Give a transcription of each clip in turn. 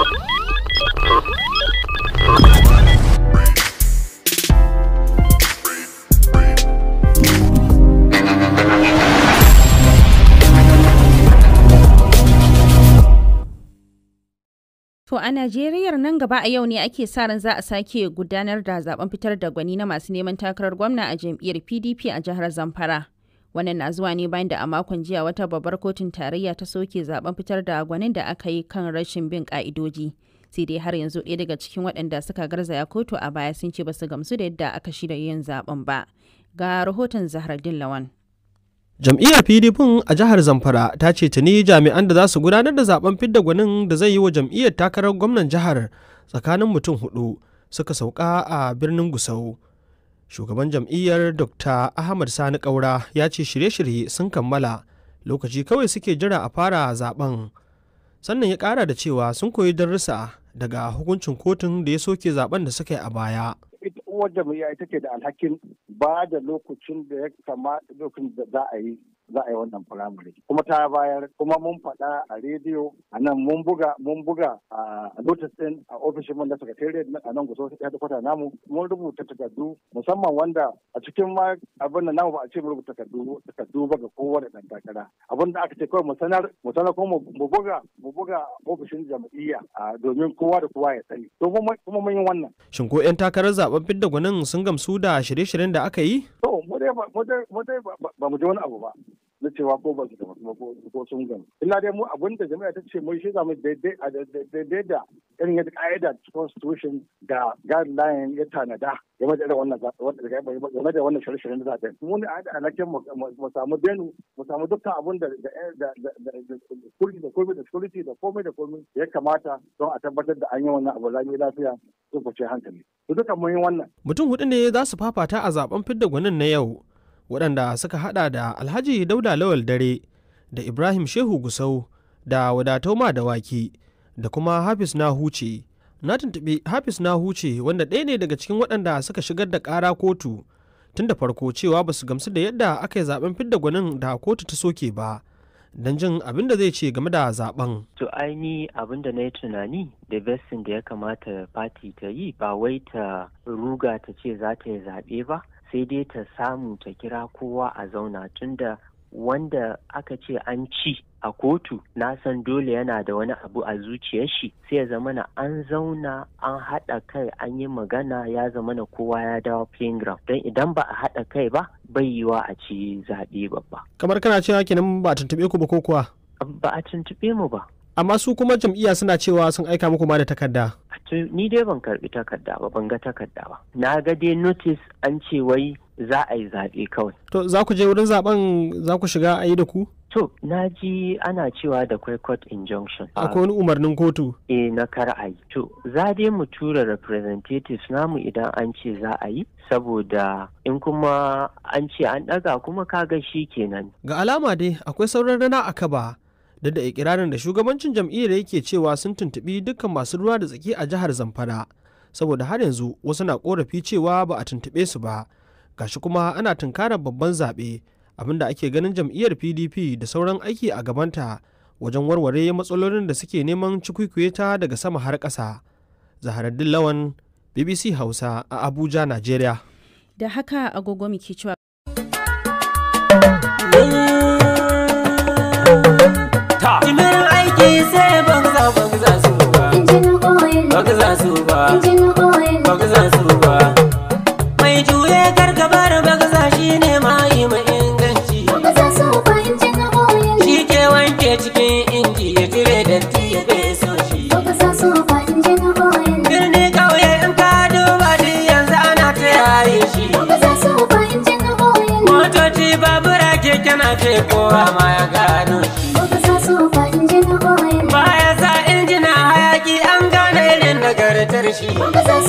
To a Najeriyar nan gaba a yau ne ake sa ran za a sake gudanar da zaben fitar da gwani na masu neman takarar gwamna a jam'iyyar PDP a jihar Zamfara. Wannan na zuwa ne bayan da a makon jiya wata babbar kotun tarayya ta soke zaben fitar da gwanin da aka yi kan rashin bin ka'idoji. Sai dai har yanzu ɗaya daga cikin waɗanda suka garzaya kotu a baya sun ce basu gamsu da yadda aka shirya yin zaben ba. Ga rahoton din Lawan. jam'iyyar pdp a jihar zamfara ta ce ta ni jami'an da za su gudanar da zaben fidda gwanin da zai yi wa jam'iyyar takarar gwamnan jihar tsakanin mutum hudu suka sauka a birnin gusau shugaban jam'iyyar dr ahmad sani kaura ya ce shirye-shirye sun kammala lokaci kawai suke jira a fara zaben sannan ya kara da cewa sun koyi darussa daga hukuncin kotun da ya soke zaben da suka yi a baya uwar jam'iyya ita ce da alhakin ba da lokacin da ya kama lokacin da za a yi za a yi wannan firamare kuma ta bayar kuma mun faɗa a rediyo a nan mun buga mun buga a notice ɗin a ofishin mun na secretariat a nan gusau ta kwata namu mun rubuta takardu musamman wanda a cikin ma abin da namu ba a ce mun rubuta takardu takardu ba ga kowa da ɗan takara abin da aka ce kawai mu sanar mu sanar kuma mu buga mu buga ofishin jam'iyya domin kowa da kowa ya sani to kuma mun yi wannan shin ko 'yan takarar zaben fidda gwanin sun gamsu da shirye-shiryen da aka yi to ba mu dai ba mu ji wani abu ba na cewa ko ba su gamsu ba ko sun gani. illa dai mu abin da jami'a ta ce mun shi zama daidai da irin yadda ka'ida constitution da guideline ya tanada game da wannan game da wannan shirye-shirye da zaɓen mu ne a alhakin mu samu benu mu samu dukkan abin da da da komai da security da komai da komai ya kamata don a tabbatar da an yi wannan abu lami lafiya ko kwace hankali su duka mun yi wannan mutum hudu ne za su fafata a zaben fidda gwanin na yau waɗanda suka haɗa da alhaji dauda lawal dare da ibrahim shehu gusau da wadatau ma dawaki da kuma hafis na huce na tuntuɓi hafis na huce wanda ɗaya ne daga cikin waɗanda suka shigar da ƙara kotu tun da farko cewa ba su gamsu da yadda aka yi zaben fidda gwanin da kotu ta soke ba don jin abin da zai ce game da zaɓen. To aini abin da na yi tunani da vestin da ya kamata fati ta yi ba wai ta ruga ta ce za ta yi zaɓe ba sai dai ta samu ta kira kowa a zauna tunda wanda aka ce an ci a kotu na san dole yana da wani abu a zuciyar shi sai ya zamana an zauna an haɗa kai an yi magana ya zamana kowa ya dawo playing ground don idan ba a haɗa kai ba bai yiwa a ci zaɓe babba kamar kana cewa kenan ba a tuntuɓe ku ba ko kuwa ba a tuntuɓe mu ba amma su kuma jam'iyya suna cewa sun aika muku ma da takarda ni dai ban karbi takarda ba ban ga takarda ba na ga dai notice an ce wai za a yi zaɓe kawai to za ku je wurin zaben za ku shiga a yi da ku to na ji ana cewa da kwai court injunction akwai wani umarnin kotu e na kar a yi to za dai mu tura representatives namu idan an ce za a yi saboda in kuma an ce an ɗaga kuma ka ga shi kenan ga alama dai akwai sauran rana a kaba duk da ikirarin da shugabancin jam'iyyar yake cewa sun tuntuɓi dukkan masu ruwa da tsaki a jihar zamfara saboda har yanzu wasu na korafi cewa ba a tuntuɓe su ba gashi kuma ana tunkarar babban zaɓe abinda ake ganin jam'iyyar pdp da sauran aiki a gabanta wajen warware matsalolin da suke neman cikwikwiye ta daga sama har ƙasa zaharaddin lawan bbc hausa a abuja Najeriya. da haka agogo muke cewa ta jimin aiki sai banza banza su ba banza su ba banza su ba mai juye gargabar banza shine mai mai inganci shi ke wanke cikin inji ya jire datti ya feso shi birni kauye in ka duba duk yanzu ana ta yaye shi motoci babura keke na ce kowa ma ya gano shi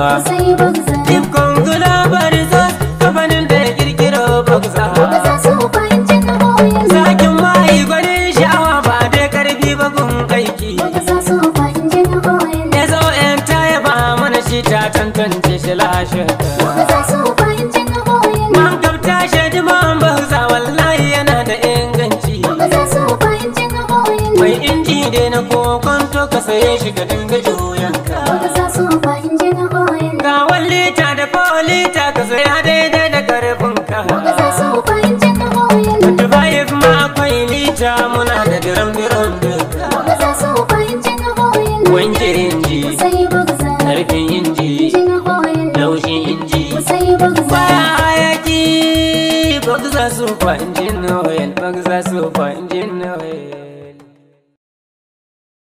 ba Dukkan suna bari zas kafanin da ya kirkiro bugza Zakin mai gwanin sha'awa ba dai karfi ba gun aiki Ya zo yan ba yaba mana shi ta tantance shi lashe Man wallahi yana da inganci Mai inji dai na kokonto ka saye shi ka dinga juyanka lita da polita ka saya daidai da karfin ka wanda bayan akwai lita muna da diram diram wanke inji karfin inji laushin inji oil oil